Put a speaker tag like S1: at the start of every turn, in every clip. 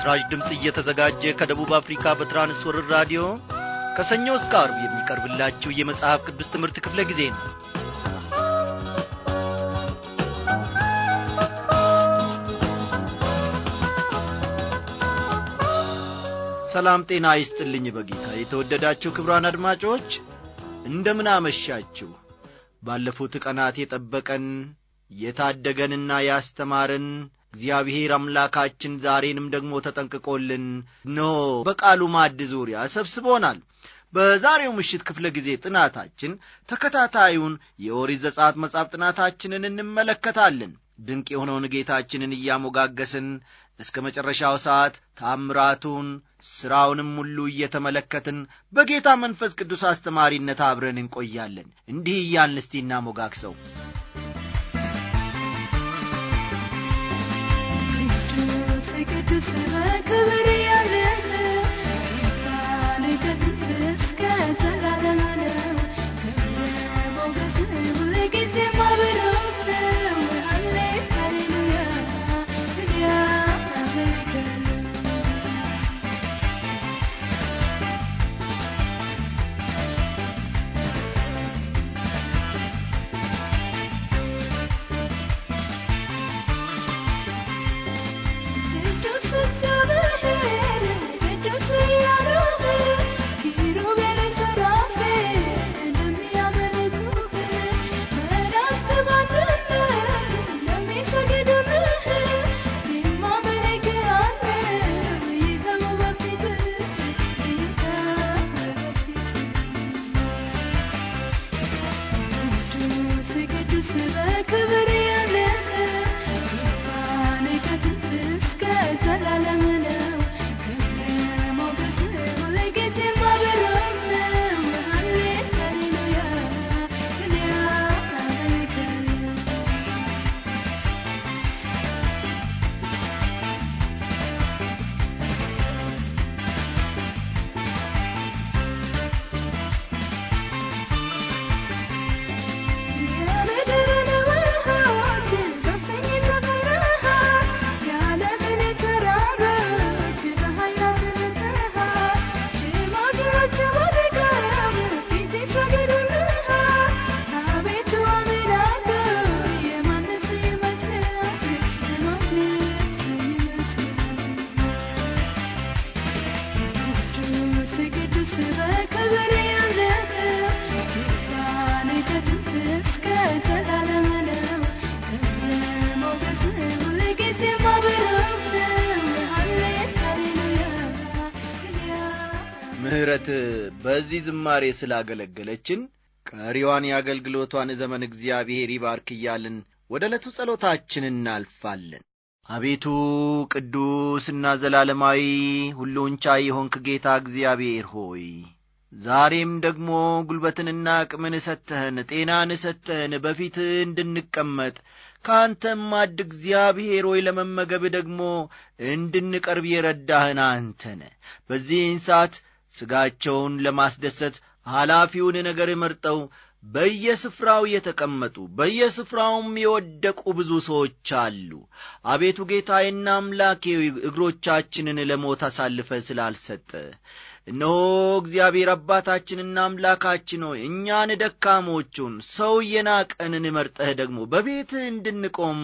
S1: ለምስራች ድምፅ እየተዘጋጀ ከደቡብ አፍሪካ በትራንስወርር ራዲዮ ከሰኞ እስከ አርብ የሚቀርብላችሁ የመጽሐፍ ቅዱስ ትምህርት ክፍለ ጊዜ ነው። ሰላም ጤና ይስጥልኝ በጌታ የተወደዳችሁ ክብራን አድማጮች እንደምን አመሻችሁ። ባለፉት ቀናት የጠበቀን የታደገንና ያስተማረን እግዚአብሔር አምላካችን ዛሬንም ደግሞ ተጠንቅቆልን ኖ በቃሉ ማድ ዙሪያ ሰብስቦናል። በዛሬው ምሽት ክፍለ ጊዜ ጥናታችን ተከታታዩን የኦሪት ዘጸአት መጻፍ ጥናታችንን እንመለከታለን። ድንቅ የሆነውን ጌታችንን እያሞጋገስን እስከ መጨረሻው ሰዓት ታምራቱን ሥራውንም ሁሉ እየተመለከትን በጌታ መንፈስ ቅዱስ አስተማሪነት አብረን እንቆያለን። እንዲህ እያልን እስቲ
S2: Like a to say like
S1: ዝማሬ ስላገለገለችን ቀሪዋን የአገልግሎቷን ዘመን እግዚአብሔር ይባርክ እያልን ወደ ዕለቱ ጸሎታችን እናልፋለን። አቤቱ ቅዱስና ዘላለማዊ ሁሉን ቻይ የሆንክ ጌታ እግዚአብሔር ሆይ ዛሬም ደግሞ ጉልበትንና አቅምን እሰጥህን ጤናን እሰጥህን በፊት እንድንቀመጥ ከአንተም ማድ እግዚአብሔር ሆይ ለመመገብ ደግሞ እንድንቀርብ የረዳህን አንተነ በዚህን ሰዓት ሥጋቸውን ለማስደሰት ኃላፊውን ነገር መርጠው በየስፍራው የተቀመጡ በየስፍራውም የወደቁ ብዙ ሰዎች አሉ። አቤቱ ጌታዬና አምላኬ እግሮቻችንን ለሞት አሳልፈ ስላልሰጠ እነሆ እግዚአብሔር አባታችንና አምላካችን ሆይ እኛን ደካሞቹን ሰው የናቀንን መርጠህ ደግሞ በቤትህ እንድንቆም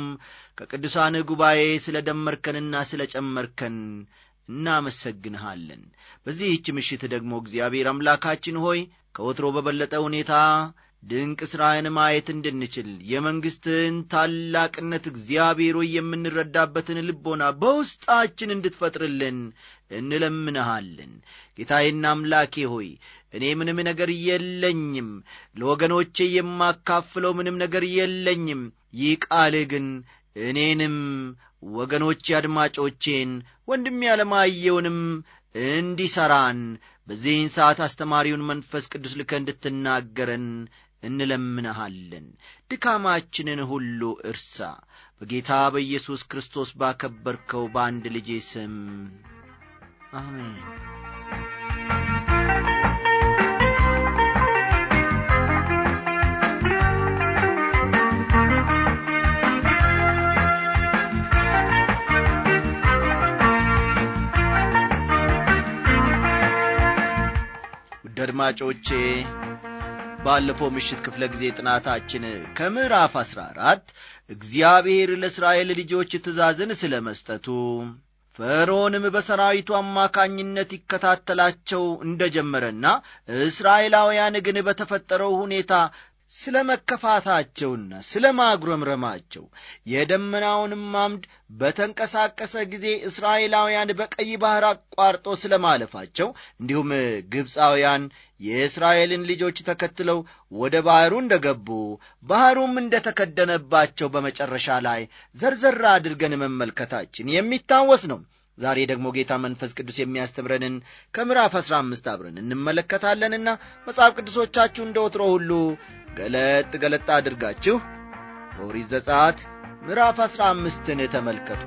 S1: ከቅዱሳን ጉባኤ ስለ ደመርከንና ስለ ጨመርከን እናመሰግንሃለን። በዚህች ምሽት ደግሞ እግዚአብሔር አምላካችን ሆይ ከወትሮ በበለጠ ሁኔታ ድንቅ ሥራህን ማየት እንድንችል የመንግሥትህን ታላቅነት እግዚአብሔር ሆይ የምንረዳበትን ልቦና በውስጣችን እንድትፈጥርልን እንለምንሃለን። ጌታዬና አምላኬ ሆይ እኔ ምንም ነገር የለኝም፣ ለወገኖቼ የማካፍለው ምንም ነገር የለኝም። ይህ ቃልህ ግን እኔንም ወገኖቼ አድማጮቼን ወንድም ያለማየውንም እንዲሠራን በዚህን ሰዓት አስተማሪውን መንፈስ ቅዱስ ልከ እንድትናገረን እንለምንሃለን ድካማችንን ሁሉ እርሳ በጌታ በኢየሱስ ክርስቶስ ባከበርከው በአንድ ልጄ ስም አሜን አድማጮቼ ባለፈው ምሽት ክፍለ ጊዜ ጥናታችን ከምዕራፍ አሥራ አራት እግዚአብሔር ለእስራኤል ልጆች ትእዛዝን ስለ መስጠቱ ፈርዖንም በሰራዊቱ አማካኝነት ይከታተላቸው እንደ ጀመረና እስራኤላውያን ግን በተፈጠረው ሁኔታ ስለ መከፋታቸውና ስለ ማጉረምረማቸው የደመናውንም አምድ በተንቀሳቀሰ ጊዜ እስራኤላውያን በቀይ ባሕር አቋርጦ ስለ ማለፋቸው እንዲሁም ግብፃውያን የእስራኤልን ልጆች ተከትለው ወደ ባሕሩ እንደ ገቡ ባሕሩም እንደ ተከደነባቸው በመጨረሻ ላይ ዘርዘር አድርገን መመልከታችን የሚታወስ ነው። ዛሬ ደግሞ ጌታ መንፈስ ቅዱስ የሚያስተምረንን ከምዕራፍ አሥራ አምስት አብረን እንመለከታለንና መጽሐፍ ቅዱሶቻችሁ እንደ ወትሮ ሁሉ ገለጥ ገለጥ አድርጋችሁ ኦሪት ዘጸአት ምዕራፍ አሥራ አምስትን ተመልከቱ።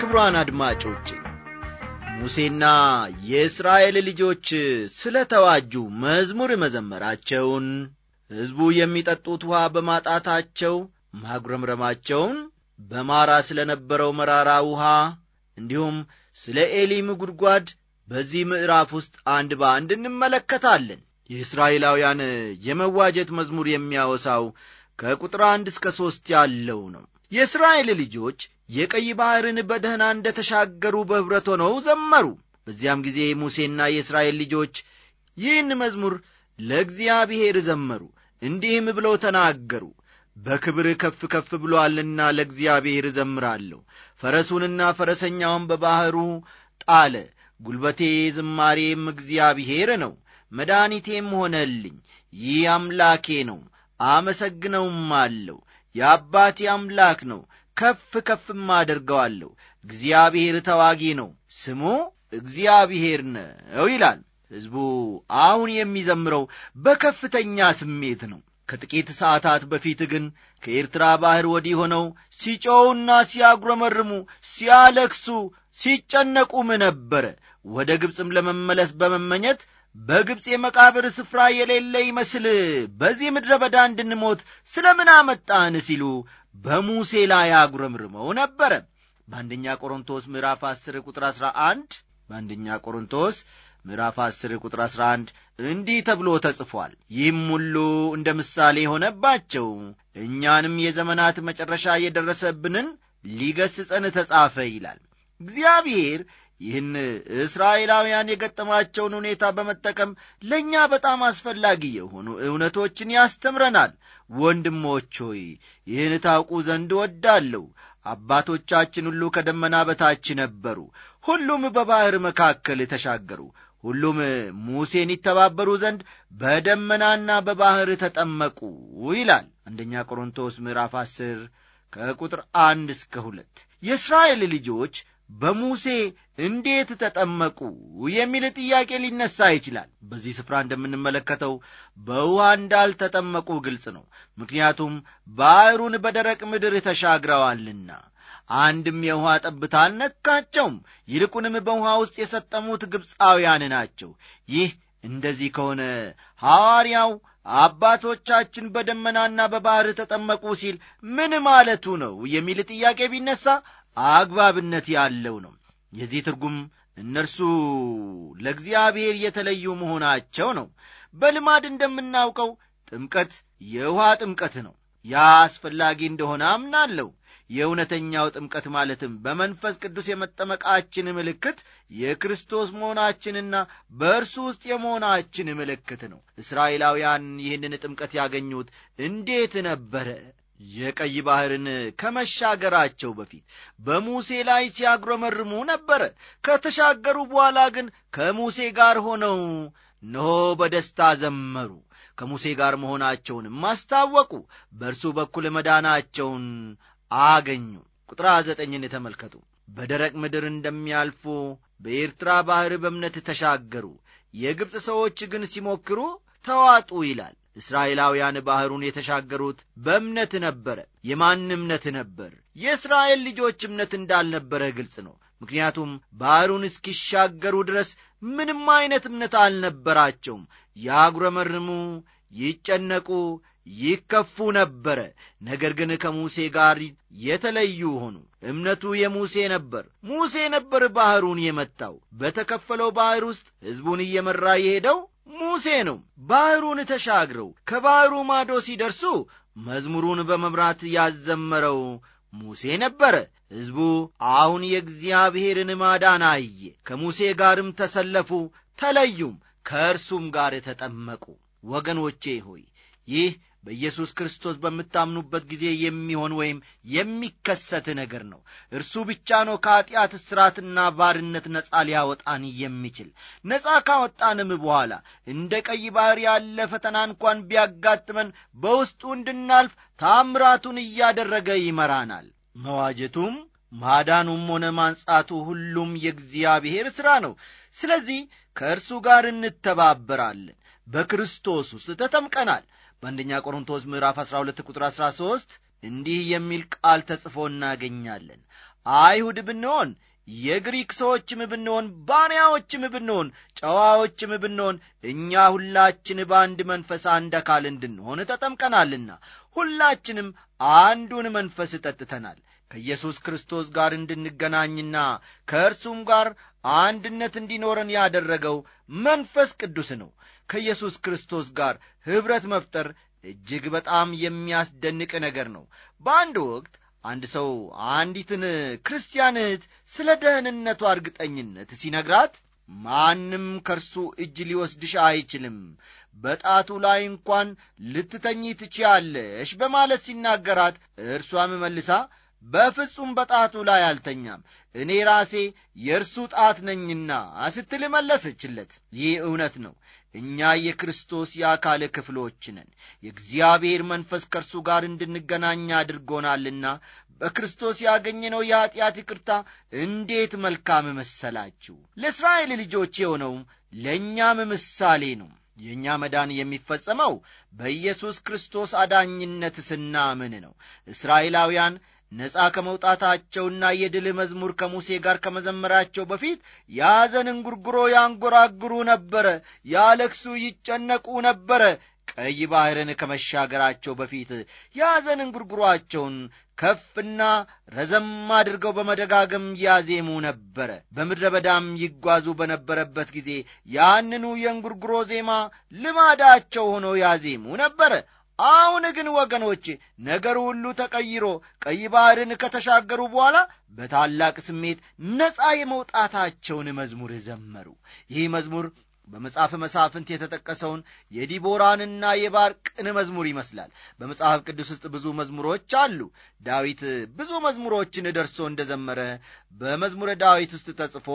S1: ክቡራን አድማጮቼ ሙሴና የእስራኤል ልጆች ስለ ተዋጁ መዝሙር መዘመራቸውን ሕዝቡ የሚጠጡት ውሃ በማጣታቸው ማጉረምረማቸውን በማራ ስለ ነበረው መራራ ውሃ እንዲሁም ስለ ኤሊም ጉድጓድ በዚህ ምዕራፍ ውስጥ አንድ በአንድ እንመለከታለን። የእስራኤላውያን የመዋጀት መዝሙር የሚያወሳው ከቁጥር አንድ እስከ ሦስት ያለው ነው። የእስራኤል ልጆች የቀይ ባሕርን በደህና እንደ ተሻገሩ በኅብረት ሆነው ዘመሩ። በዚያም ጊዜ ሙሴና የእስራኤል ልጆች ይህን መዝሙር ለእግዚአብሔር ዘመሩ፣ እንዲህም ብለው ተናገሩ። በክብር ከፍ ከፍ ብሎአልና ለእግዚአብሔር እዘምራለሁ። ፈረሱንና ፈረሰኛውን በባሕሩ ጣለ። ጉልበቴ ዝማሬም እግዚአብሔር ነው፣ መድኃኒቴም ሆነልኝ። ይህ አምላኬ ነው፣ አመሰግነውም አለሁ። የአባቴ አምላክ ነው፣ ከፍ ከፍም አደርገዋለሁ። እግዚአብሔር ተዋጊ ነው፣ ስሙ እግዚአብሔር ነው ይላል። ሕዝቡ አሁን የሚዘምረው በከፍተኛ ስሜት ነው። ከጥቂት ሰዓታት በፊት ግን ከኤርትራ ባሕር ወዲህ ሆነው ሲጮውና ሲያጉረመርሙ፣ ሲያለክሱ፣ ሲጨነቁም ነበረ። ወደ ግብፅም ለመመለስ በመመኘት በግብፅ የመቃብር ስፍራ የሌለ ይመስል በዚህ ምድረ በዳ እንድንሞት ስለ ምን አመጣን ሲሉ በሙሴ ላይ አጉረምርመው ነበረ። በአንደኛ ቆሮንቶስ ምዕራፍ 10 ቁጥር 11 በአንደኛ ቆሮንቶስ ምዕራፍ 10 ቁጥር 11 እንዲህ ተብሎ ተጽፏል። ይህም ሁሉ እንደ ምሳሌ የሆነባቸው እኛንም የዘመናት መጨረሻ የደረሰብንን ሊገስጸን ተጻፈ ይላል። እግዚአብሔር ይህን እስራኤላውያን የገጠማቸውን ሁኔታ በመጠቀም ለእኛ በጣም አስፈላጊ የሆኑ እውነቶችን ያስተምረናል። ወንድሞች ሆይ ይህን ታውቁ ዘንድ ወዳለሁ አባቶቻችን ሁሉ ከደመና በታች ነበሩ ሁሉም በባሕር መካከል ተሻገሩ ሁሉም ሙሴን ይተባበሩ ዘንድ በደመናና በባሕር ተጠመቁ ይላል አንደኛ ቆሮንቶስ ምዕራፍ 10 ከቁጥር አንድ እስከ ሁለት የእስራኤል ልጆች በሙሴ እንዴት ተጠመቁ የሚል ጥያቄ ሊነሳ ይችላል። በዚህ ስፍራ እንደምንመለከተው በውሃ እንዳልተጠመቁ ግልጽ ነው። ምክንያቱም ባሕሩን በደረቅ ምድር ተሻግረዋልና አንድም የውሃ ጠብታ አልነካቸውም። ይልቁንም በውሃ ውስጥ የሰጠሙት ግብፃውያን ናቸው። ይህ እንደዚህ ከሆነ ሐዋርያው አባቶቻችን በደመናና በባሕር ተጠመቁ ሲል ምን ማለቱ ነው የሚል ጥያቄ ቢነሳ አግባብነት ያለው ነው የዚህ ትርጉም እነርሱ ለእግዚአብሔር የተለዩ መሆናቸው ነው በልማድ እንደምናውቀው ጥምቀት የውሃ ጥምቀት ነው ያ አስፈላጊ እንደሆነ አምናለሁ የእውነተኛው ጥምቀት ማለትም በመንፈስ ቅዱስ የመጠመቃችን ምልክት የክርስቶስ መሆናችንና በእርሱ ውስጥ የመሆናችን ምልክት ነው እስራኤላውያን ይህንን ጥምቀት ያገኙት እንዴት ነበረ የቀይ ባሕርን ከመሻገራቸው በፊት በሙሴ ላይ ሲያጉረመርሙ ነበረ። ከተሻገሩ በኋላ ግን ከሙሴ ጋር ሆነው እነሆ በደስታ ዘመሩ። ከሙሴ ጋር መሆናቸውን ማስታወቁ፣ በእርሱ በኩል መዳናቸውን አገኙ። ቁጥር ዘጠኝን የተመልከቱ። በደረቅ ምድር እንደሚያልፉ በኤርትራ ባሕር በእምነት ተሻገሩ፣ የግብፅ ሰዎች ግን ሲሞክሩ ተዋጡ ይላል። እስራኤላውያን ባሕሩን የተሻገሩት በእምነት ነበረ። የማን እምነት ነበር? የእስራኤል ልጆች እምነት እንዳልነበረ ግልጽ ነው። ምክንያቱም ባሕሩን እስኪሻገሩ ድረስ ምንም አይነት እምነት አልነበራቸውም። ያጉረመርሙ፣ ይጨነቁ፣ ይከፉ ነበረ። ነገር ግን ከሙሴ ጋር የተለዩ ሆኑ። እምነቱ የሙሴ ነበር። ሙሴ ነበር ባሕሩን የመታው። በተከፈለው ባሕር ውስጥ ሕዝቡን እየመራ የሄደው ሙሴ ነው። ባሕሩን ተሻግረው ከባሕሩ ማዶ ሲደርሱ መዝሙሩን በመምራት ያዘመረው ሙሴ ነበረ። ሕዝቡ አሁን የእግዚአብሔርን ማዳን አየ። ከሙሴ ጋርም ተሰለፉ፣ ተለዩም፣ ከእርሱም ጋር ተጠመቁ። ወገኖቼ ሆይ ይህ በኢየሱስ ክርስቶስ በምታምኑበት ጊዜ የሚሆን ወይም የሚከሰት ነገር ነው። እርሱ ብቻ ነው ከኀጢአት እስራትና ባርነት ነፃ ሊያወጣን የሚችል። ነፃ ካወጣንም በኋላ እንደ ቀይ ባሕር ያለ ፈተና እንኳን ቢያጋጥመን በውስጡ እንድናልፍ ታምራቱን እያደረገ ይመራናል። መዋጀቱም ማዳኑም ሆነ ማንጻቱ ሁሉም የእግዚአብሔር ሥራ ነው። ስለዚህ ከእርሱ ጋር እንተባበራለን። በክርስቶስ ውስጥ ተጠምቀናል። በአንደኛ ቆሮንቶስ ምዕራፍ 12 ቁጥር 13 እንዲህ የሚል ቃል ተጽፎ እናገኛለን። አይሁድ ብንሆን የግሪክ ሰዎችም ብንሆን ባሪያዎችም ብንሆን ጨዋዎችም ብንሆን እኛ ሁላችን በአንድ መንፈስ አንድ አካል እንድንሆን ተጠምቀናልና ሁላችንም አንዱን መንፈስ ጠጥተናል። ከኢየሱስ ክርስቶስ ጋር እንድንገናኝና ከእርሱም ጋር አንድነት እንዲኖረን ያደረገው መንፈስ ቅዱስ ነው። ከኢየሱስ ክርስቶስ ጋር ኅብረት መፍጠር እጅግ በጣም የሚያስደንቅ ነገር ነው። በአንድ ወቅት አንድ ሰው አንዲትን ክርስቲያን እህት ስለ ደህንነቷ እርግጠኝነት ሲነግራት ማንም ከእርሱ እጅ ሊወስድሽ አይችልም፣ በጣቱ ላይ እንኳን ልትተኚ ትችያለሽ በማለት ሲናገራት እርሷም መልሳ በፍጹም በጣቱ ላይ አልተኛም፣ እኔ ራሴ የእርሱ ጣት ነኝና ስትል መለሰችለት። ይህ እውነት ነው። እኛ የክርስቶስ የአካል ክፍሎች ነን። የእግዚአብሔር መንፈስ ከእርሱ ጋር እንድንገናኝ አድርጎናልና በክርስቶስ ያገኘነው የኀጢአት ይቅርታ እንዴት መልካም መሰላችሁ! ለእስራኤል ልጆች የሆነውም ለእኛም ምሳሌ ነው። የእኛ መዳን የሚፈጸመው በኢየሱስ ክርስቶስ አዳኝነት ስናምን ነው። እስራኤላውያን ነፃ ከመውጣታቸውና የድል መዝሙር ከሙሴ ጋር ከመዘመራቸው በፊት ያዘን እንጉርጉሮ ያንጎራግሩ ነበረ፣ ያለክሱ ይጨነቁ ነበረ። ቀይ ባሕርን ከመሻገራቸው በፊት ያዘን እንጉርጉሯቸውን ከፍና ረዘም አድርገው በመደጋገም ያዜሙ ነበረ። በምድረ በዳም ይጓዙ በነበረበት ጊዜ ያንኑ የእንጉርጉሮ ዜማ ልማዳቸው ሆኖ ያዜሙ ነበረ። አሁን ግን ወገኖች ነገሩ ሁሉ ተቀይሮ ቀይ ባሕርን ከተሻገሩ በኋላ በታላቅ ስሜት ነፃ የመውጣታቸውን መዝሙር ዘመሩ። ይህ መዝሙር በመጽሐፍ መሳፍንት የተጠቀሰውን የዲቦራንና የባርቅን መዝሙር ይመስላል። በመጽሐፍ ቅዱስ ውስጥ ብዙ መዝሙሮች አሉ። ዳዊት ብዙ መዝሙሮችን ደርሶ እንደዘመረ በመዝሙረ ዳዊት ውስጥ ተጽፎ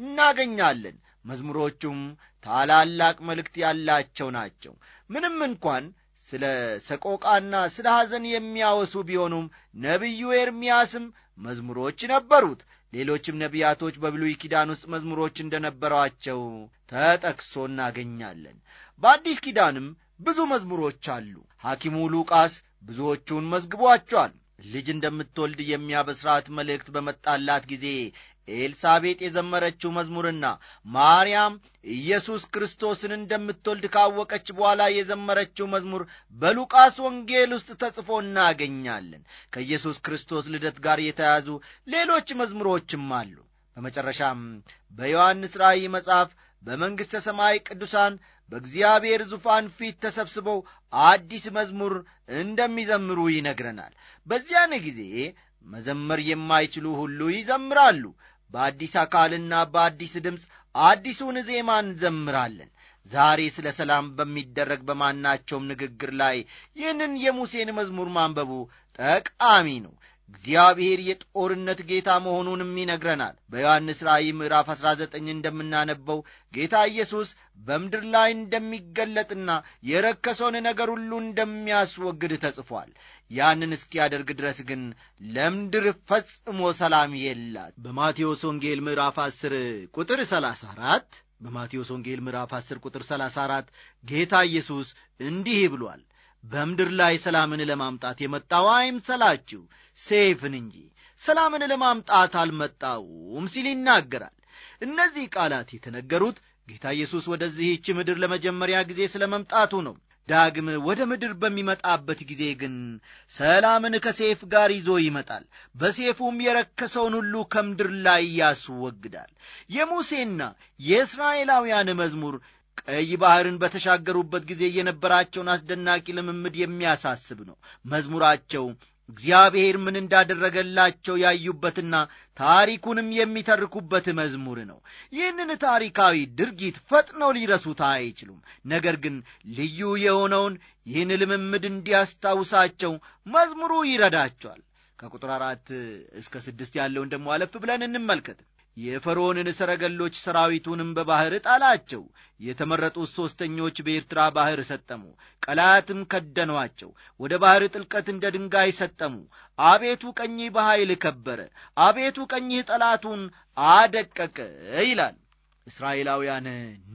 S1: እናገኛለን። መዝሙሮቹም ታላላቅ መልእክት ያላቸው ናቸው። ምንም እንኳን ስለ ሰቆቃና ስለ ሐዘን የሚያወሱ ቢሆኑም ነቢዩ ኤርምያስም መዝሙሮች ነበሩት። ሌሎችም ነቢያቶች በብሉይ ኪዳን ውስጥ መዝሙሮች እንደነበሯቸው ተጠቅሶ እናገኛለን። በአዲስ ኪዳንም ብዙ መዝሙሮች አሉ። ሐኪሙ ሉቃስ ብዙዎቹን መዝግቧቸዋል። ልጅ እንደምትወልድ የሚያበስራት መልእክት በመጣላት ጊዜ ኤልሳቤጥ የዘመረችው መዝሙርና ማርያም ኢየሱስ ክርስቶስን እንደምትወልድ ካወቀች በኋላ የዘመረችው መዝሙር በሉቃስ ወንጌል ውስጥ ተጽፎ እናገኛለን። ከኢየሱስ ክርስቶስ ልደት ጋር የተያያዙ ሌሎች መዝሙሮችም አሉ። በመጨረሻም በዮሐንስ ራእይ መጽሐፍ በመንግሥተ ሰማይ ቅዱሳን በእግዚአብሔር ዙፋን ፊት ተሰብስበው አዲስ መዝሙር እንደሚዘምሩ ይነግረናል። በዚያን ጊዜ መዘመር የማይችሉ ሁሉ ይዘምራሉ፣ በአዲስ አካልና በአዲስ ድምፅ አዲሱን ዜማ እንዘምራለን። ዛሬ ስለ ሰላም በሚደረግ በማናቸውም ንግግር ላይ ይህንን የሙሴን መዝሙር ማንበቡ ጠቃሚ ነው። እግዚአብሔር የጦርነት ጌታ መሆኑንም ይነግረናል። በዮሐንስ ራእይ ምዕራፍ 19 እንደምናነበው ጌታ ኢየሱስ በምድር ላይ እንደሚገለጥና የረከሰውን ነገር ሁሉ እንደሚያስወግድ ተጽፏል። ያንን እስኪያደርግ ድረስ ግን ለምድር ፈጽሞ ሰላም የላት። በማቴዎስ ወንጌል ምዕራፍ 10 ቁጥር 34 በማቴዎስ ወንጌል ምዕራፍ 10 ቁጥር 34 ጌታ ኢየሱስ እንዲህ ብሏል በምድር ላይ ሰላምን ለማምጣት የመጣው አይምሰላችሁ ሴፍን እንጂ ሰላምን ለማምጣት አልመጣውም ሲል ይናገራል። እነዚህ ቃላት የተነገሩት ጌታ ኢየሱስ ወደዚህች ምድር ለመጀመሪያ ጊዜ ስለ መምጣቱ ነው። ዳግም ወደ ምድር በሚመጣበት ጊዜ ግን ሰላምን ከሴፍ ጋር ይዞ ይመጣል። በሴፉም የረከሰውን ሁሉ ከምድር ላይ ያስወግዳል። የሙሴና የእስራኤላውያን መዝሙር ቀይ ባሕርን በተሻገሩበት ጊዜ የነበራቸውን አስደናቂ ልምምድ የሚያሳስብ ነው። መዝሙራቸው እግዚአብሔር ምን እንዳደረገላቸው ያዩበትና ታሪኩንም የሚተርኩበት መዝሙር ነው። ይህንን ታሪካዊ ድርጊት ፈጥነው ሊረሱት አይችሉም። ነገር ግን ልዩ የሆነውን ይህን ልምምድ እንዲያስታውሳቸው መዝሙሩ ይረዳቸዋል። ከቁጥር አራት እስከ ስድስት ያለውን ደግሞ አለፍ ብለን እንመልከት። የፈርዖንን ሰረገሎች ሰራዊቱንም በባሕር ጣላቸው። የተመረጡት ሦስተኞች በኤርትራ ባሕር ሰጠሙ፣ ቀላትም ከደኗቸው፣ ወደ ባሕር ጥልቀት እንደ ድንጋይ ሰጠሙ። አቤቱ ቀኝህ በኃይል ከበረ፣ አቤቱ ቀኝህ ጠላቱን አደቀቀ ይላል። እስራኤላውያን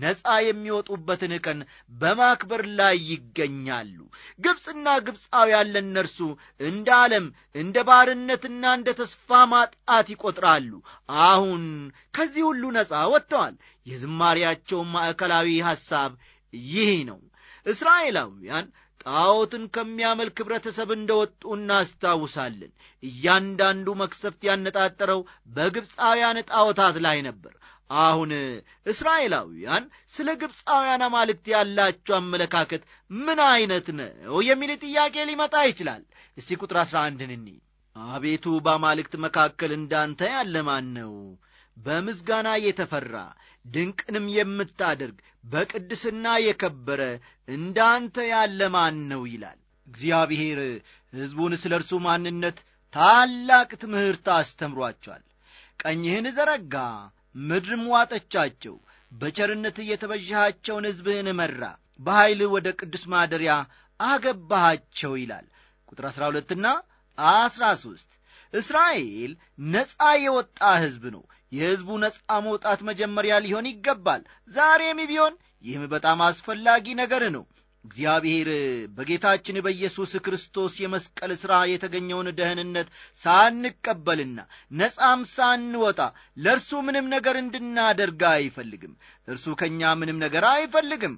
S1: ነፃ የሚወጡበትን ቀን በማክበር ላይ ይገኛሉ። ግብፅና ግብፃውያን ለእነርሱ እንደ ዓለም እንደ ባርነትና እንደ ተስፋ ማጣት ይቈጥራሉ። አሁን ከዚህ ሁሉ ነፃ ወጥተዋል። የዝማሪያቸውን ማዕከላዊ ሐሳብ ይህ ነው። እስራኤላውያን ጣዖትን ከሚያመልክ ኅብረተሰብ እንደ ወጡ እናስታውሳለን። እያንዳንዱ መክሰፍት ያነጣጠረው በግብፃውያን ጣዖታት ላይ ነበር። አሁን እስራኤላውያን ስለ ግብፃውያን አማልክት ያላቸው አመለካከት ምን አይነት ነው የሚል ጥያቄ ሊመጣ ይችላል። እስቲ ቁጥር አሥራ አንድን እኒ አቤቱ በአማልክት መካከል እንዳንተ ያለ ማን ነው? በምዝጋና የተፈራ ድንቅንም የምታደርግ በቅድስና የከበረ እንዳንተ ያለ ማን ነው ይላል። እግዚአብሔር ሕዝቡን ስለ እርሱ ማንነት ታላቅ ትምህርት አስተምሯቸዋል። ቀኝህን ዘረጋ ምድርም ዋጠቻቸው። በቸርነት የተበዥሃቸውን ሕዝብህን መራ፣ በኃይልህ ወደ ቅዱስ ማደሪያ አገባሃቸው ይላል። ቁጥር 12ና 13 እስራኤል ነፃ የወጣ ሕዝብ ነው። የሕዝቡ ነፃ መውጣት መጀመሪያ ሊሆን ይገባል። ዛሬም ቢሆን ይህም በጣም አስፈላጊ ነገር ነው። እግዚአብሔር በጌታችን በኢየሱስ ክርስቶስ የመስቀል ሥራ የተገኘውን ደህንነት ሳንቀበልና ነጻም ሳንወጣ ለእርሱ ምንም ነገር እንድናደርግ አይፈልግም። እርሱ ከእኛ ምንም ነገር አይፈልግም።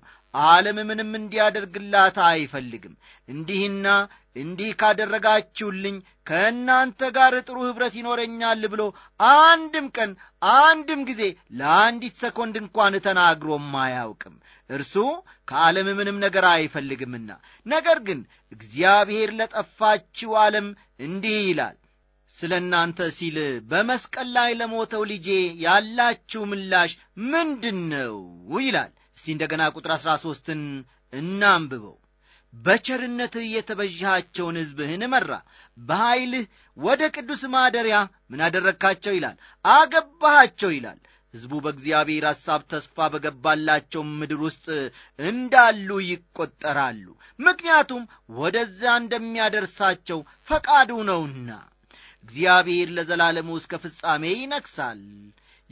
S1: ዓለም ምንም እንዲያደርግላት አይፈልግም። እንዲህና እንዲህ ካደረጋችሁልኝ ከእናንተ ጋር ጥሩ ኅብረት ይኖረኛል ብሎ አንድም ቀን አንድም ጊዜ ለአንዲት ሰኮንድ እንኳን ተናግሮም አያውቅም። እርሱ ከዓለም ምንም ነገር አይፈልግምና። ነገር ግን እግዚአብሔር ለጠፋችው ዓለም እንዲህ ይላል ስለ እናንተ ሲል በመስቀል ላይ ለሞተው ልጄ ያላችሁ ምላሽ ምንድን ነው? ይላል። እስቲ እንደገና ቁጥር አሥራ ሦስትን እናንብበው። በቸርነትህ የተበዥሃቸውን ሕዝብህን መራ። በኀይልህ ወደ ቅዱስ ማደሪያ ምን አደረግካቸው ይላል፣ አገባሃቸው ይላል። ሕዝቡ በእግዚአብሔር ሐሳብ ተስፋ በገባላቸው ምድር ውስጥ እንዳሉ ይቈጠራሉ። ምክንያቱም ወደዚያ እንደሚያደርሳቸው ፈቃዱ ነውና። እግዚአብሔር ለዘላለሙ እስከ ፍጻሜ ይነግሣል።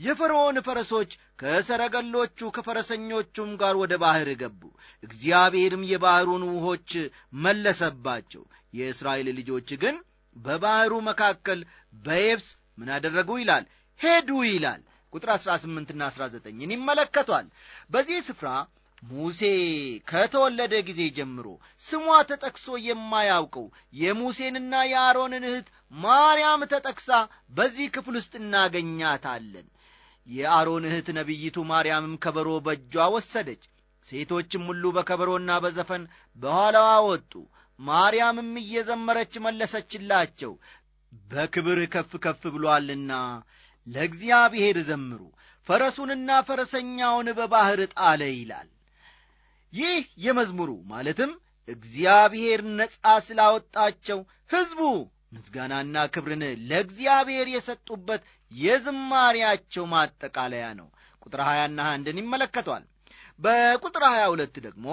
S1: የፈርዖን ፈረሶች ከሰረገሎቹ ከፈረሰኞቹም ጋር ወደ ባሕር ገቡ። እግዚአብሔርም የባሕሩን ውኾች መለሰባቸው። የእስራኤል ልጆች ግን በባሕሩ መካከል በየብስ ምን አደረጉ ይላል ሄዱ ይላል። ቁጥር 18ና 19 ይመለከቷል። በዚህ ስፍራ ሙሴ ከተወለደ ጊዜ ጀምሮ ስሟ ተጠቅሶ የማያውቀው የሙሴንና የአሮንን እህት ማርያም ተጠቅሳ በዚህ ክፍል ውስጥ እናገኛታለን። የአሮን እህት ነቢይቱ ማርያምም ከበሮ በእጇ ወሰደች። ሴቶችም ሁሉ በከበሮና በዘፈን በኋላዋ ወጡ። ማርያምም እየዘመረች መለሰችላቸው፣ በክብር ከፍ ከፍ ብሎአልና ለእግዚአብሔር ዘምሩ፣ ፈረሱንና ፈረሰኛውን በባሕር ጣለ ይላል። ይህ የመዝሙሩ ማለትም እግዚአብሔር ነፃ ስላወጣቸው ሕዝቡ ምስጋናና ክብርን ለእግዚአብሔር የሰጡበት የዝማሪያቸው ማጠቃለያ ነው። ቁጥር ሀያና አንድን ይመለከቷል። በቁጥር 22 ደግሞ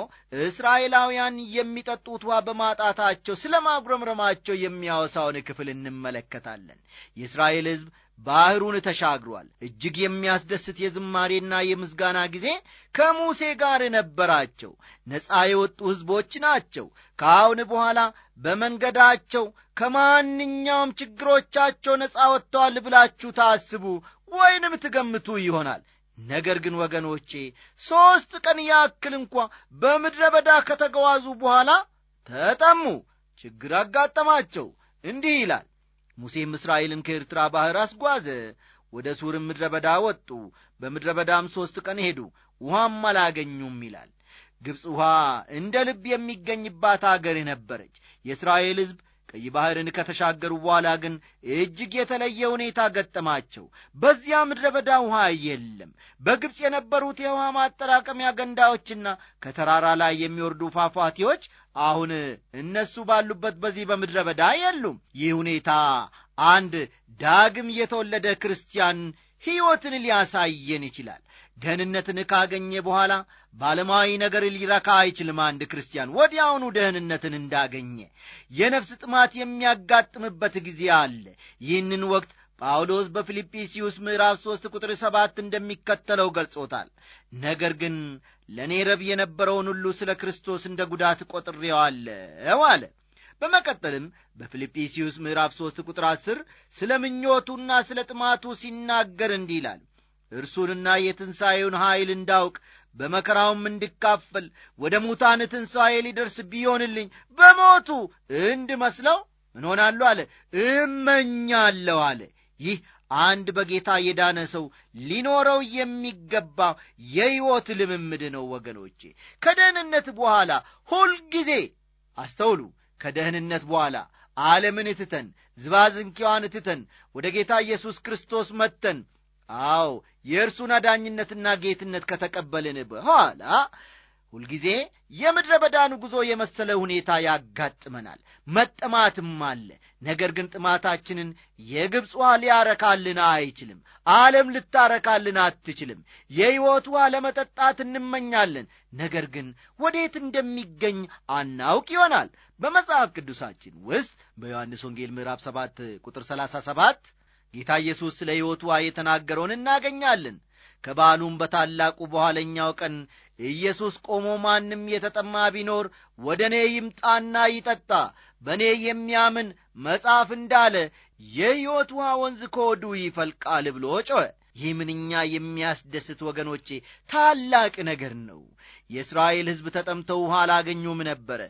S1: እስራኤላውያን የሚጠጡት ውሃ በማጣታቸው ስለ ማጉረምረማቸው የሚያወሳውን ክፍል እንመለከታለን። የእስራኤል ሕዝብ ባህሩን ተሻግሯል። እጅግ የሚያስደስት የዝማሬና የምስጋና ጊዜ ከሙሴ ጋር ነበራቸው። ነፃ የወጡ ሕዝቦች ናቸው። ከአሁን በኋላ በመንገዳቸው ከማንኛውም ችግሮቻቸው ነፃ ወጥተዋል ብላችሁ ታስቡ ወይንም ትገምቱ ይሆናል። ነገር ግን ወገኖቼ ሦስት ቀን ያክል እንኳ በምድረ በዳ ከተጓዙ በኋላ ተጠሙ፣ ችግር አጋጠማቸው። እንዲህ ይላል ሙሴም እስራኤልን ከኤርትራ ባሕር አስጓዘ፣ ወደ ሱርም ምድረ በዳ ወጡ፣ በምድረ በዳም ሦስት ቀን ሄዱ፣ ውሃም አላገኙም ይላል። ግብፅ ውሃ እንደ ልብ የሚገኝባት አገር ነበረች። የእስራኤል ሕዝብ ቀይ ባሕርን ከተሻገሩ በኋላ ግን እጅግ የተለየ ሁኔታ ገጠማቸው። በዚያ ምድረ በዳ ውሃ የለም። በግብፅ የነበሩት የውሃ ማጠራቀሚያ ገንዳዎችና ከተራራ ላይ የሚወርዱ ፏፏቴዎች አሁን እነሱ ባሉበት በዚህ በምድረ በዳ የሉም። ይህ ሁኔታ አንድ ዳግም የተወለደ ክርስቲያን ሕይወትን ሊያሳየን ይችላል። ደህንነትን ካገኘ በኋላ ባለማዊ ነገር ሊረካ አይችልም። አንድ ክርስቲያን ወዲያውኑ ደህንነትን እንዳገኘ የነፍስ ጥማት የሚያጋጥምበት ጊዜ አለ። ይህንን ወቅት ጳውሎስ በፊልጵስዩስ ምዕራፍ ሦስት ቁጥር ሰባት እንደሚከተለው ገልጾታል። ነገር ግን ለእኔ ረብ የነበረውን ሁሉ ስለ ክርስቶስ እንደ ጉዳት ቆጥሬዋለሁ አለ። በመቀጠልም በፊልጵስዩስ ምዕራፍ ሦስት ቁጥር ዐሥር ስለ ምኞቱና ስለ ጥማቱ ሲናገር እንዲህ ይላል እርሱንና የትንሣኤውን ኀይል እንዳውቅ በመከራውም እንድካፈል ወደ ሙታን ትንሣኤ ሊደርስ ቢሆንልኝ በሞቱ እንድመስለው እንሆናለሁ አለ እመኛለሁ አለ ይህ አንድ በጌታ የዳነ ሰው ሊኖረው የሚገባ የሕይወት ልምምድ ነው ወገኖቼ ከደህንነት በኋላ ሁልጊዜ አስተውሉ ከደህንነት በኋላ ዓለምን ትተን ዝባዝንኪዋን ትተን ወደ ጌታ ኢየሱስ ክርስቶስ መጥተን አዎ የእርሱን አዳኝነትና ጌትነት ከተቀበልን በኋላ ሁልጊዜ የምድረ በዳን ጉዞ የመሰለ ሁኔታ ያጋጥመናል መጠማትም አለ ነገር ግን ጥማታችንን የግብፅ ውሃ ሊያረካልን አይችልም ዓለም ልታረካልን አትችልም የሕይወት ውሃ ለመጠጣት እንመኛለን ነገር ግን ወዴት እንደሚገኝ አናውቅ ይሆናል በመጽሐፍ ቅዱሳችን ውስጥ በዮሐንስ ወንጌል ምዕራፍ 7 ቁጥር 37 ጌታ ኢየሱስ ስለ ሕይወቷ የተናገረውን እናገኛለን። ከበዓሉም በታላቁ በኋለኛው ቀን ኢየሱስ ቆሞ ማንም የተጠማ ቢኖር ወደ እኔ ይምጣና ይጠጣ፣ በእኔ የሚያምን መጽሐፍ እንዳለ የሕይወት ውሃ ወንዝ ከወዱ ይፈልቃል ብሎ ጮኸ። ይህ ምንኛ የሚያስደስት ወገኖቼ ታላቅ ነገር ነው። የእስራኤል ሕዝብ ተጠምተው ውሃ አላገኙም ነበረ።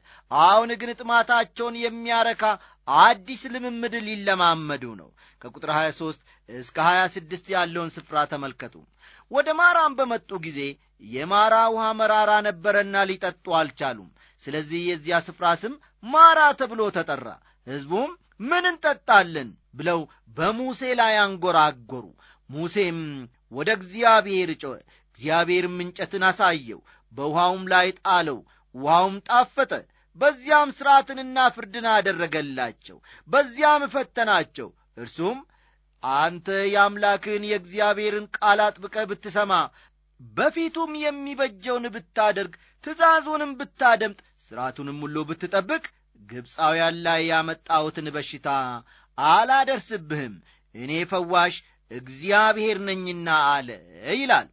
S1: አሁን ግን ጥማታቸውን የሚያረካ አዲስ ልምምድ ሊለማመዱ ነው። ከቁጥር 23 እስከ 26 ያለውን ስፍራ ተመልከቱ። ወደ ማራም በመጡ ጊዜ የማራ ውሃ መራራ ነበረና ሊጠጡ አልቻሉም። ስለዚህ የዚያ ስፍራ ስም ማራ ተብሎ ተጠራ። ሕዝቡም ምን እንጠጣለን ብለው በሙሴ ላይ አንጎራጎሩ። ሙሴም ወደ እግዚአብሔር ጮኸ። እግዚአብሔርም እንጨትን አሳየው። በውኃውም ላይ ጣለው፣ ውኃውም ጣፈጠ። በዚያም ሥርዓትንና ፍርድን አደረገላቸው፣ በዚያም እፈተናቸው። እርሱም አንተ የአምላክህን የእግዚአብሔርን ቃል አጥብቀህ ብትሰማ በፊቱም የሚበጀውን ብታደርግ ትእዛዙንም ብታደምጥ ሥርዓቱንም ሁሉ ብትጠብቅ ግብፃውያን ላይ ያመጣሁትን በሽታ አላደርስብህም፣ እኔ ፈዋሽ እግዚአብሔር ነኝና አለ ይላል።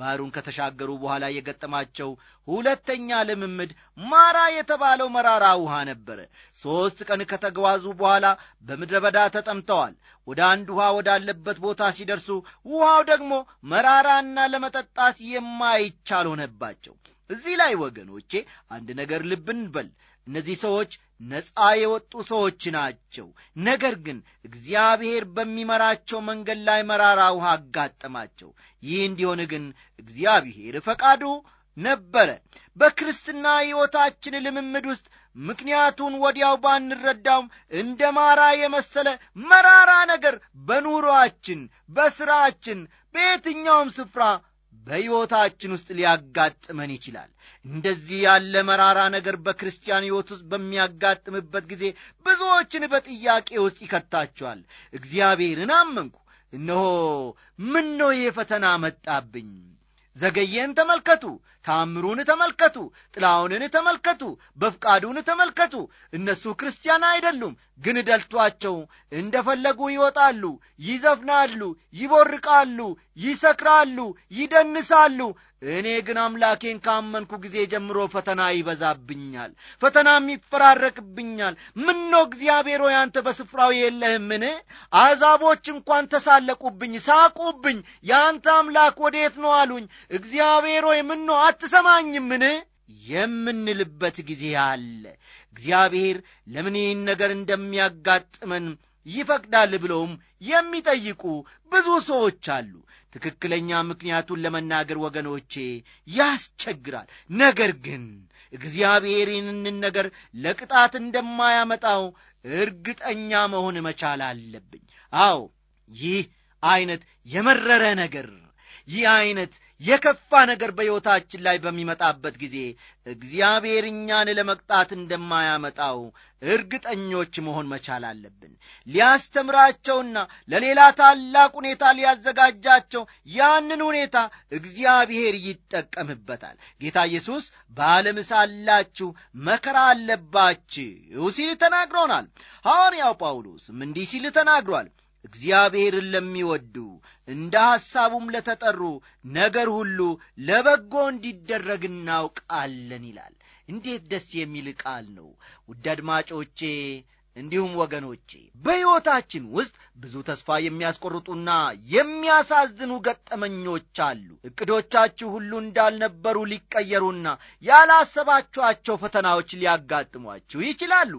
S1: ባህሩን ከተሻገሩ በኋላ የገጠማቸው ሁለተኛ ልምምድ ማራ የተባለው መራራ ውሃ ነበረ። ሦስት ቀን ከተጓዙ በኋላ በምድረ በዳ ተጠምተዋል። ወደ አንድ ውሃ ወዳለበት ቦታ ሲደርሱ ውሃው ደግሞ መራራና ለመጠጣት የማይቻል ሆነባቸው። እዚህ ላይ ወገኖቼ አንድ ነገር ልብ እንበል። እነዚህ ሰዎች ነፃ የወጡ ሰዎች ናቸው። ነገር ግን እግዚአብሔር በሚመራቸው መንገድ ላይ መራራ ውሃ አጋጠማቸው። ይህ እንዲሆን ግን እግዚአብሔር ፈቃዱ ነበረ። በክርስትና ሕይወታችን ልምምድ ውስጥ ምክንያቱን ወዲያው ባንረዳውም እንደ ማራ የመሰለ መራራ ነገር በኑሮአችን፣ በሥራችን፣ በየትኛውም ስፍራ በሕይወታችን ውስጥ ሊያጋጥመን ይችላል። እንደዚህ ያለ መራራ ነገር በክርስቲያን ሕይወት ውስጥ በሚያጋጥምበት ጊዜ ብዙዎችን በጥያቄ ውስጥ ይከታቸዋል። እግዚአብሔርን አመንኩ፣ እነሆ ምን ነው ይህ ፈተና መጣብኝ። ዘገየን፣ ተመልከቱ ታምሩን ተመልከቱ፣ ጥላውንን ተመልከቱ፣ በፍቃዱን ተመልከቱ። እነሱ ክርስቲያን አይደሉም፣ ግን ደልቷቸው እንደፈለጉ ይወጣሉ፣ ይዘፍናሉ፣ ይቦርቃሉ፣ ይሰክራሉ፣ ይደንሳሉ። እኔ ግን አምላኬን ካመንኩ ጊዜ ጀምሮ ፈተና ይበዛብኛል፣ ፈተናም ይፈራረቅብኛል። ምኖ እግዚአብሔር ሆይ አንተ በስፍራው የለህምን? አሕዛቦች እንኳን ተሳለቁብኝ፣ ሳቁብኝ። የአንተ አምላክ ወዴት ነው አሉኝ። እግዚአብሔር ሆይ ምኖ አትሰማኝምን የምንልበት ጊዜ አለ እግዚአብሔር ለምን ይህን ነገር እንደሚያጋጥመን ይፈቅዳል ብለውም የሚጠይቁ ብዙ ሰዎች አሉ ትክክለኛ ምክንያቱን ለመናገር ወገኖቼ ያስቸግራል ነገር ግን እግዚአብሔር ይህንን ነገር ለቅጣት እንደማያመጣው እርግጠኛ መሆን መቻል አለብኝ አዎ ይህ ዐይነት የመረረ ነገር ይህ ዐይነት የከፋ ነገር በሕይወታችን ላይ በሚመጣበት ጊዜ እግዚአብሔር እኛን ለመቅጣት እንደማያመጣው እርግጠኞች መሆን መቻል አለብን። ሊያስተምራቸውና ለሌላ ታላቅ ሁኔታ ሊያዘጋጃቸው ያንን ሁኔታ እግዚአብሔር ይጠቀምበታል። ጌታ ኢየሱስ በዓለም ሳላችሁ መከራ አለባችሁ ሲል ተናግሮናል። ሐዋርያው ጳውሎስም እንዲህ ሲል ተናግሯል። እግዚአብሔርን ለሚወዱ እንደ ሐሳቡም ለተጠሩ ነገር ሁሉ ለበጎ እንዲደረግ እናውቃለን ይላል። እንዴት ደስ የሚል ቃል ነው! ውድ አድማጮቼ እንዲሁም ወገኖቼ በሕይወታችን ውስጥ ብዙ ተስፋ የሚያስቆርጡና የሚያሳዝኑ ገጠመኞች አሉ። እቅዶቻችሁ ሁሉ እንዳልነበሩ ሊቀየሩና ያላሰባችኋቸው ፈተናዎች ሊያጋጥሟችሁ ይችላሉ።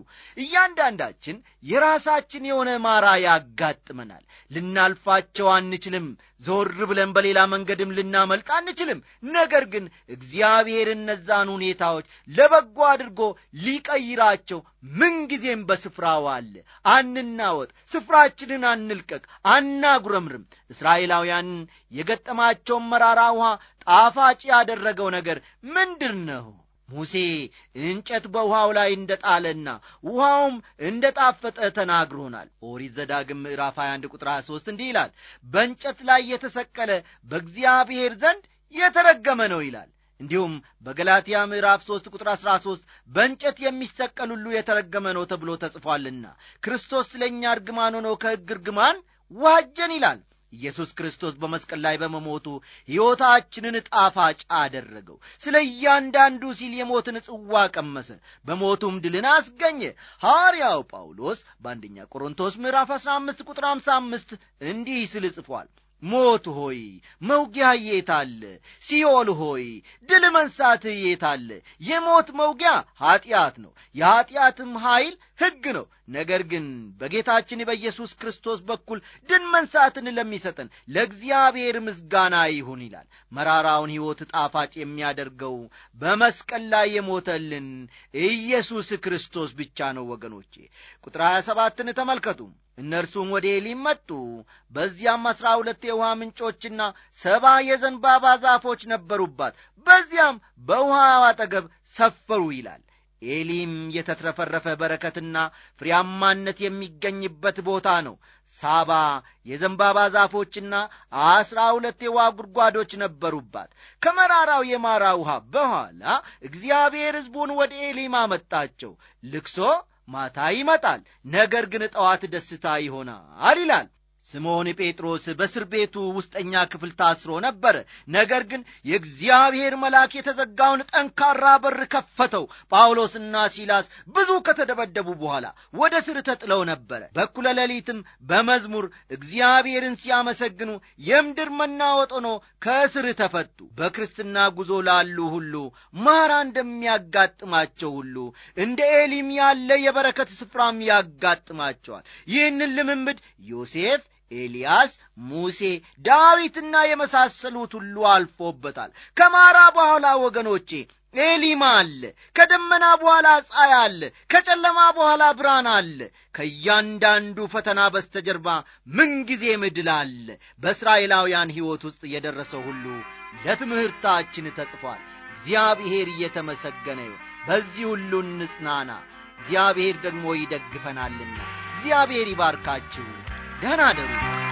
S1: እያንዳንዳችን የራሳችን የሆነ ማራ ያጋጥመናል። ልናልፋቸው አንችልም። ዞር ብለን በሌላ መንገድም ልናመልጥ አንችልም። ነገር ግን እግዚአብሔር እነዛን ሁኔታዎች ለበጎ አድርጎ ሊቀይራቸው ምንጊዜም በስፍራው አለ። አንናወጥ፣ ስፍራችንን አንልቀቅ፣ አናጉረምርም። እስራኤላውያንን የገጠማቸውን መራራ ውኃ ጣፋጭ ያደረገው ነገር ምንድር ነው? ሙሴ እንጨት በውኃው ላይ እንደ ጣለና ውኃውም እንደ ጣፈጠ ተናግሮናል። ኦሪት ዘዳግም ምዕራፍ 21 ቁጥር 23 እንዲህ ይላል፣ በእንጨት ላይ የተሰቀለ በእግዚአብሔር ዘንድ የተረገመ ነው ይላል። እንዲሁም በገላትያ ምዕራፍ 3 ቁጥር 13 በእንጨት የሚሰቀል ሁሉ የተረገመ ነው ተብሎ ተጽፏልና ክርስቶስ ስለ እኛ እርግማን ሆኖ ከሕግ እርግማን ዋጀን ይላል። ኢየሱስ ክርስቶስ በመስቀል ላይ በመሞቱ ሕይወታችንን ጣፋጭ አደረገው። ስለ እያንዳንዱ ሲል የሞትን ጽዋ ቀመሰ፣ በሞቱም ድልን አስገኘ። ሐዋርያው ጳውሎስ በአንደኛ ቆሮንቶስ ምዕራፍ 15 ቁጥር 55 እንዲህ ስል ጽፏል ሞት ሆይ መውጊያ የታለ? ሲኦል ሆይ ድል መንሳት የታለ? የሞት መውጊያ ኀጢአት ነው፣ የኀጢአትም ኀይል ሕግ ነው። ነገር ግን በጌታችን በኢየሱስ ክርስቶስ በኩል ድን መንሳትን ለሚሰጠን ለእግዚአብሔር ምስጋና ይሁን ይላል። መራራውን ሕይወት ጣፋጭ የሚያደርገው በመስቀል ላይ የሞተልን ኢየሱስ ክርስቶስ ብቻ ነው። ወገኖቼ ቁጥር 27ን ተመልከቱ። እነርሱም ወደ ኤሊም መጡ። በዚያም አሥራ ሁለት የውሃ ምንጮችና ሰባ የዘንባባ ዛፎች ነበሩባት። በዚያም በውሃ አጠገብ ሰፈሩ ይላል። ኤሊም የተትረፈረፈ በረከትና ፍሬያማነት የሚገኝበት ቦታ ነው። ሳባ የዘንባባ ዛፎችና አስራ ሁለት የውሃ ጉድጓዶች ነበሩባት። ከመራራው የማራ ውሃ በኋላ እግዚአብሔር ሕዝቡን ወደ ኤሊም አመጣቸው። ልክሶ ማታ ይመጣል፣ ነገር ግን ጠዋት ደስታ ይሆናል ይላል። ስምዖን ጴጥሮስ በእስር ቤቱ ውስጠኛ ክፍል ታስሮ ነበር። ነገር ግን የእግዚአብሔር መልአክ የተዘጋውን ጠንካራ በር ከፈተው። ጳውሎስና ሲላስ ብዙ ከተደበደቡ በኋላ ወደ እስር ተጥለው ነበረ። በኩለ ሌሊትም በመዝሙር እግዚአብሔርን ሲያመሰግኑ የምድር መናወጥ ሆኖ ከእስር ተፈቱ። በክርስትና ጉዞ ላሉ ሁሉ ማራ እንደሚያጋጥማቸው ሁሉ እንደ ኤሊም ያለ የበረከት ስፍራም ያጋጥማቸዋል። ይህንን ልምምድ ዮሴፍ ኤልያስ፣ ሙሴ፣ ዳዊትና የመሳሰሉት ሁሉ አልፎበታል። ከማራ በኋላ ወገኖቼ ኤሊማ አለ። ከደመና በኋላ ፀሐይ አለ። ከጨለማ በኋላ ብርሃን አለ። ከእያንዳንዱ ፈተና በስተጀርባ ምንጊዜ ምድል አለ። በእስራኤላውያን ሕይወት ውስጥ የደረሰው ሁሉ ለትምህርታችን ተጽፏል። እግዚአብሔር እየተመሰገነ ይሁን። በዚህ ሁሉ እንጽናና። እግዚአብሔር ደግሞ ይደግፈናልና። እግዚአብሔር ይባርካችሁ። Ganaderu